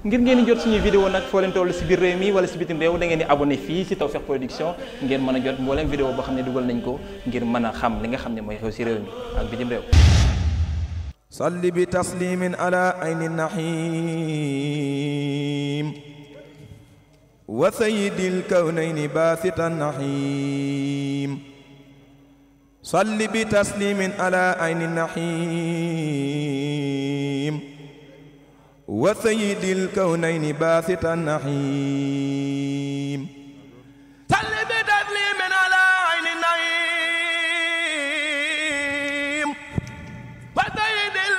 ngir ngeen di jot suñuy vidéo nag foo leen si biir réew mi wala si bitim réew da ngeen di abonné fii si Tawfekh Production ngeen mën a jot mbooleem vidéo boo xam ne dugal nañ ko ngir mën a xam li nga xam ne mooy xew si réew mi ak bitim réew salli bi taslimin ala ayni nahim wa sayyidil kawnayni baasitan nahim صل بتسليم على عين wa sayyidil kawnayni baasitan naxiim salli bi tasliimin alaa ayni naxiim wa sayyidil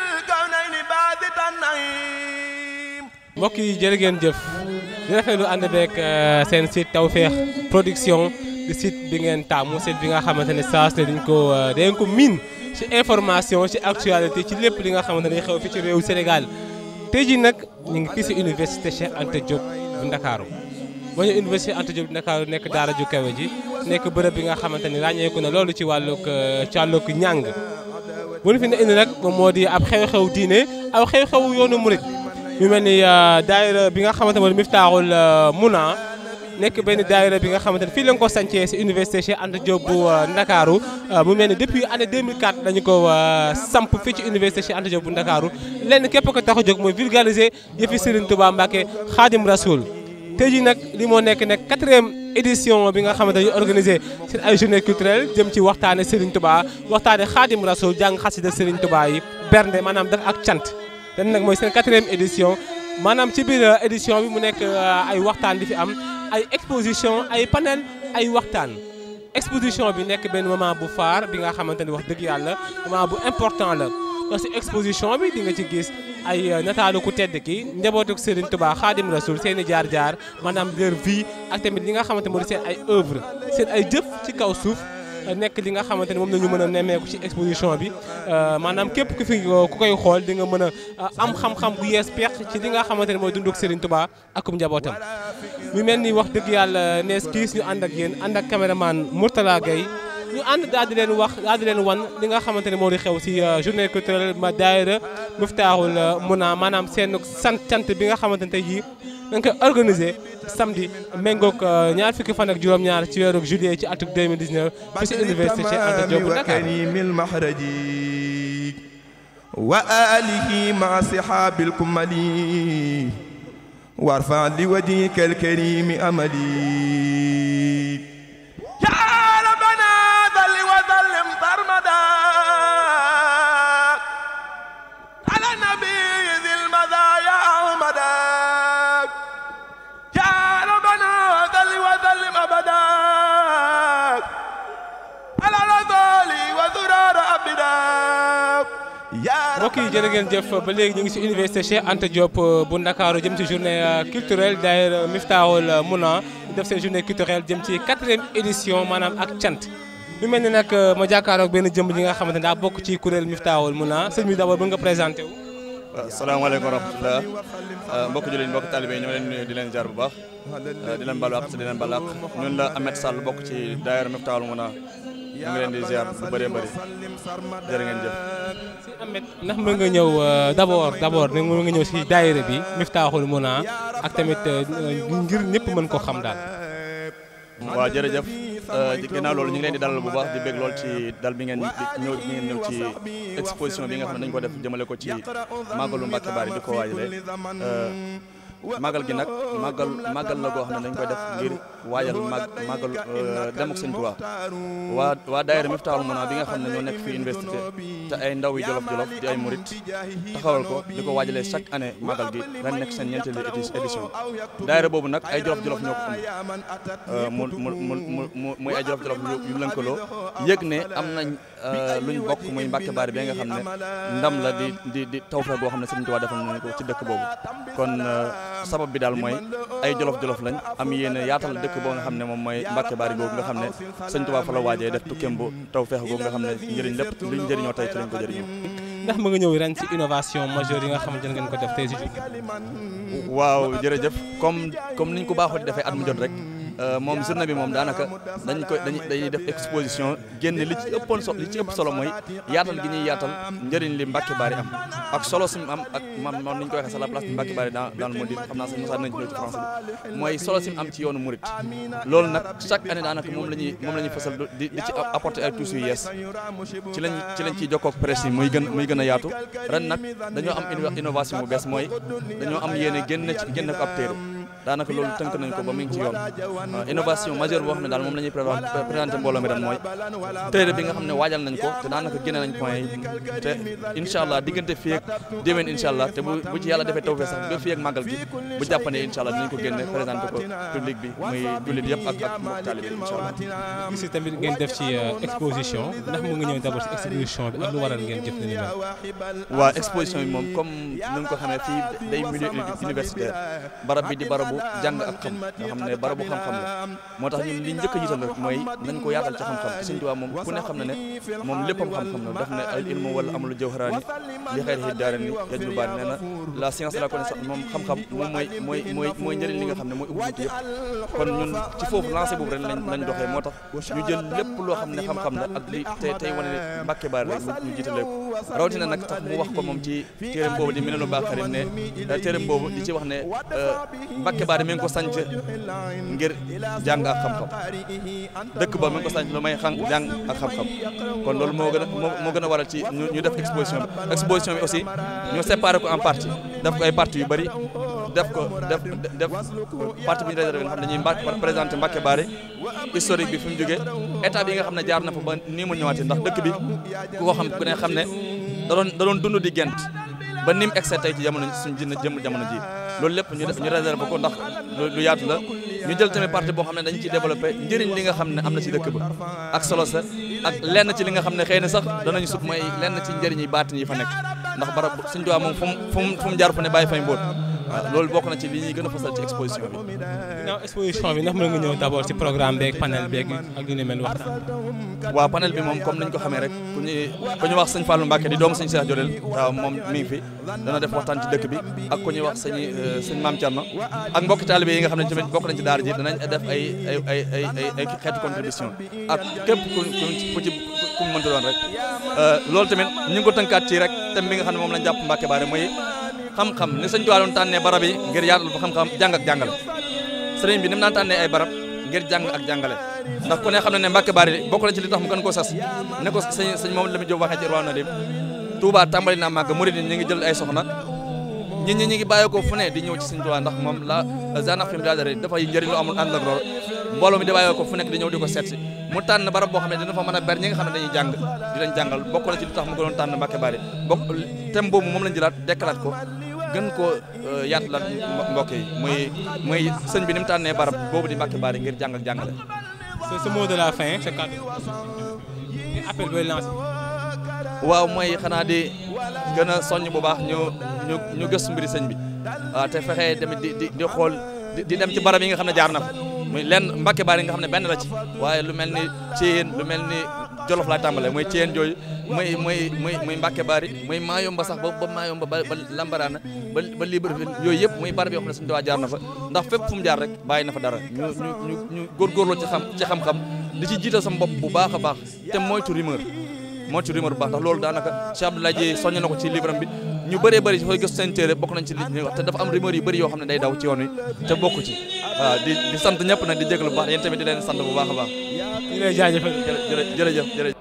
mbokk yi jërë ngeen jëf di rafetlu ànd beeg euh, seen site Tawfekh Production di site bi ngeen taamu site bi nga xamante ne saa su ne dañ ko euh, dañ ko miin ci information ci actualité ci lépp li nga xamante ne xew fi ci réew Sénégal tey jii nag ñu ngi fii si université Cheikh Anta Diop Ndakaaru boo ñu université Anta Diop Ndakaaru nekk daara ju kawe ji nekk bërëb bi nga xamante ni ràññeeku na loolu ci wàllug euh, ci wàllug ñàng bu ñu fi ne indi nag moom moo di ab xew-xew diine aw xew-xew yoonu murit mu mel ni euh, daayira bi nga xamante ne mooy Miftaaxul euh, Muna nekk benn daayira bi nga xamante ne fii la ko sancee si université Cheikh Anta Diop bu euh, Ndakaaru euh, mu mel ni depuis année 2004 dañu ko euh, samp fii ci université Cheikh Anta Diop bu Ndakaaru lenn képp ko tax a jóg mooy vulgariser yëfi Serigne Touba Mbacke Khadim Rasoul tey jii nag li moo nekk nag quatrième édition bi nga xamante dañu organisé seen ay journée jëm ci waxtaane Serigne Touba waxtaane Khadim Rasoul jàng xasida Serigne Touba yi bernde maanaam def ak cant ren nag mooy seen quatrième édition maanaam ci biir édition bi mu nekk ay waxtaan di fi am ay exposition ay panel ay waxtaan exposition bi nekk benn moment bu faar bi nga xamante ni wax dëgg yàlla moment bu important la parce exposition bi di nga ci gis ay euh, nataalu ku tedd ki njabootu Serigne Touba Khadim Rasoul seen i jaar-jaar maanaam leur vie ak tamit li nga xamante moo seen ay œuvre seen ay jëp ci kaw suuf nekk li nga xamante ne moom nañu mën a nemmeeku ci exposition bi euh, maanaam képp ku fi ku koy xool di nga mën a euh, am xam-xam bu yees peex ci li nga xamante ne mooy dunduk Serigne ak akum njabootam. mu mel ni wax dëgg yàlla nees kiis ñu ànd ak yéen ànd ak caméraman Mourtala Gueye ñu ànd daal di wax daal wan li nga xamante ne moo di xew si euh, journée culturelle ma daayira Miftahul euh, Muna maanaam seen sant cant bi nga xamante ne tey jii dañ koy organisé samedi méngoog euh, ñaar fukki fan ak juróom-ñaar ci weeru juillet ci atum 2019 fii si université Cheikh Anta Diop bu Dakar wa alihi ma sihaabil kumali warfa li wajhikal karimi amali jërë ngeen jëf ba léegi ñu ngi si université Cheikh Anta Diop euh, bu Ndakaaru jëm ci journée euh, culturelle daayira euh, Miftahoul Mouna def seen journée culturelle jëm ci quatrième édition maanaam ak cant mu mel ni nag ma jàkkaaroog benn jëmb ji nga xamante ne daa bokk ci kuréel Miftahoul Mouna sëñ bi d'abord ba nga présenté wu waaw salaamaaleykum wa rahmatulah mbokk jullit mbokk taalibe ñoo leen nuyu di leen jaar bu baax di leen balu ak di leen balaq ñun la Ahmed Sall bokk ci daayira Miftahoul Mouna ñu ngi leen di ziar bu bëree bëri jërë ngeen jëf. ndax mën nga ñëw euh, d' abord d' abord mën nga ñëw si daayira bi Miftaaxul Muna ak tamit euh, ngir ñëpp mën ko xam daal. waaw jërëjëf euh, naa loolu ñu ngi leen di dalal bu baax di bég lool ci dal bi ngeen ñëw bi ngeen ñëw ci exposition bi nga xam ne dañu ko def jëmale ko ci màggalu Mbàkke Bari di ko waajalee. màggal gi nag màggal màggal la goo xam ne dañ koy def ngir waajal màgg màggal demuk sëñ Tuubaa waa waa daayira Miftaahul Muna bi nga xam ne ñoo nekk fii université te ay ndaw yi jolof jolof di ay ko di ko waajalee chaque année màggal gi ren nekk seen ñeenteelu édition daayira boobu nag ay jolof jolof ñoo ko am mu mu mu mu muy ay jolof jolof yu lënkaloo ne am nañ luñ bokk muy Mbàkke Baari bi nga xam ne ndam la di di di tawfeex boo xam ne sëñ Tuubaa defal nañ ko ci dëkk boobu kon sabab bi daal mooy ay jolof-jolof lañ am yéen yaatal dëkk boo nga xam ne moom mooy Mbàkke Baari googu nga xam ne sëñ Tuubaa fa la waajee def tukkeem bu taw feex googu nga xam ne ko jëriñoo comme comme niñ ko baaxoo di defee at mu jot rek Euh, moom journée bi moom daanaka dañ koy dañuy def exposition génn li ci ëppoon li ci ëpp solo mooy yaatal gi ñuy yaatal njëriñ li Mbacke Bari am ak solo si am ak man man ni ñu koy waxee la place bi Mbacke Bari dans si am ci yoonu Mouride loolu nag chaque année daanaka moom la ñuy moom la ñuy fësal di di ci apporter ay touches yu ci lañ ci lañ ciy jokkoog presse yi muy gën muy gën a yaatu ren nag dañoo am innovation bu bees mooy dañoo am yéene génn ci génn ko ab téere daanaka loolu tënk nañ ko ba mu ci yoon euh, innovation majeure boo xam ne daal moom la ñuy présenté mbooloo mooy téere bi nga xam ko te te incha diggante fii ak déwén te bu bu yàlla defee tawfee sax ba fii gi bu jàppandee incha allah ko génne présenté ko public bi muy jullit yëpp ak ak mbokk taalibe incha euh, waa exposition moom comme ni ko xamee fii day milieu universitaire barab bi di barab barabu jàng ak xam nga xam ne barabu xam-xam la moo tax ñun li njëkk a jiital mooy nañ ko yaatal ci xam-xam Sëñ Tuubaa moom ku ne xam na ne moom léppam xam-xam la daf ne al ilmu wala amul jawharaani li li nga xam ne mooy ubbi nit yëpp kon ñun moo tax ñu jël lépp loo xam ne xam-xam la ak li tey tey wane ne Mbàkke rek ñu jiitalee ko rawatina nag tax mu wax ko moom ci téeram boobu di Minanul Baaxarin ne téeram boobu di ci wax ne euh, Mbàkke Mbacke Bari mi ngi ko sanc ngir jàng ak xam-xam ko sanc lu may xam jàng ak kon loolu moo gën a moo gën a waral ci ñu def exposition bi exposition bi aussi ñu séparé ko en partie def ko ay yu bëri def ko def def partie bi ñu réservé nga xam dañuy présenté Mbacke Bari bi fi mu jógee état bi nga xam ne jaar na fa ba nii mu ñëwaatee ndax dëkk bi ku ko xam ku ne xam ne da doon da doon dund di gent ba nim excès tey ci jamono suñu jëmm jamono jii loolu lépp ñu ñu réserver ko ndax lu yaatu la ñu jël tamit parti boo xam ne dañ ciy développé njëriñ li nga xam ne am na ci dëkk ba ak solo sa ak lenn ci li nga xam ne xëy na sax danañu sub mooy lenn ci njëriñ yi baatin yi fa nekk ndax barab suñ duwaa moom fu mu fu mu jaar fu ne bàyyi fay mbóot Ah, loolu bokk na ci li ñuy gën a fasal ci exposition bi. ginnaaw exposition bi ndax mën nga ñëw d' abord programme beeg panel panel bi moom comme ko xamee rek ku ñuy ku ñuy wax sëñ Fallou Mbacke di doomu sëñ Cheikh Jodel moom mi bi ak wax sëñ euh, sëñ Mame Thierno ak yi nga xam ne tamit bokk nañ ci daara ji danañ def ay xeet ay ay ay xeetu contribution ak képp ku ku ci ku mu mënti doon rek euh, loolu tamit ñu ngi ko kaat ci rek thème bi nga xam ne moom lañ jàpp Mbacke Baare mooy xam-xam ni sëñ Tuubaa doon tànnee barab yi ngir yaatal fa xam-xam jàng ak jàngale sëriñ bi ni mu daan tànnee ay barab ngir jàng ak jàngale ndax ku ne xam na ne Mbàkke bokk na ci li tax mu ngi jël ay soxna ñi ngi bàyyi ko fu ne di ñëw ci sëñ Tuubaa ndax ko fu nekk di ñëw di ko seet ne dina fa a ber ñi nga xam ne dañuy jàng di bokk na ci li tax mu gënoon tànn Mbàkke Bari bokk boobu moom lañ jëlaat dekkalaat ko gën ko euh, yaatalal mbokk yi mooy mooy sëñ bi ni mu tànnee barab boobu di Mbàkke Bari ngir jàng ak jàngale. de la fin sa kàddu waaw mooy xanaa di gën a soññ bu baax ñu ñu ñu gëstu mbiri sëñ bi waaw te fexe tamit di di xool di dem ci barab yi nga xam ne jaar na fa muy lenn Mbàkke Bari nga xam ne benn la ci waaye lu mel ni Thièyène lu mel ni Jolof laa tàmbalee mooy Thièyène jooju. mooy mooy mooy mooy Mbacke Bari mooy Maayomba sax ba ba Maayomba ba ba Lambarana ba ba Libreville yooyu yëpp mooy barab yoo xam ne Sëñ Tuubaa jaar na fa ndax fépp fu mu jaar rek bàyyi na fa dara ñu ñu ñu ñu góorgóorloo ci xam ci xam-xam di ci jiital sama bopp bu baax a baax te moytu rumeur moytu rumeur bu baax ndax loolu daanaka Cheikh Abdoulaye Dieye soññ na ko ci livre bi ñu bëree bëri sooy gëstu seen téere bokk nañ ci li ñuy wax te dafa am rumeur yu bëri yoo xam ne day daw ci yoon wi te bokku ci waaw di di sant ñëpp nag di jégalu bu baax yéen tamit di leen sant bu baax a baax jërëjëf jërëjëf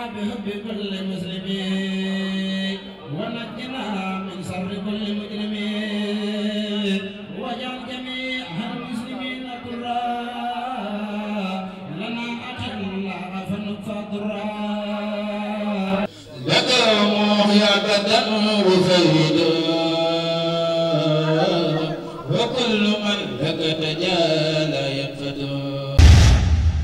بحب كل مسلم ونجنا من شر كل مجرم واجعل جميع المسلمين كرا لنا أجلنا فنكفى ضرا بدا محيا بدا وسيدا وكل من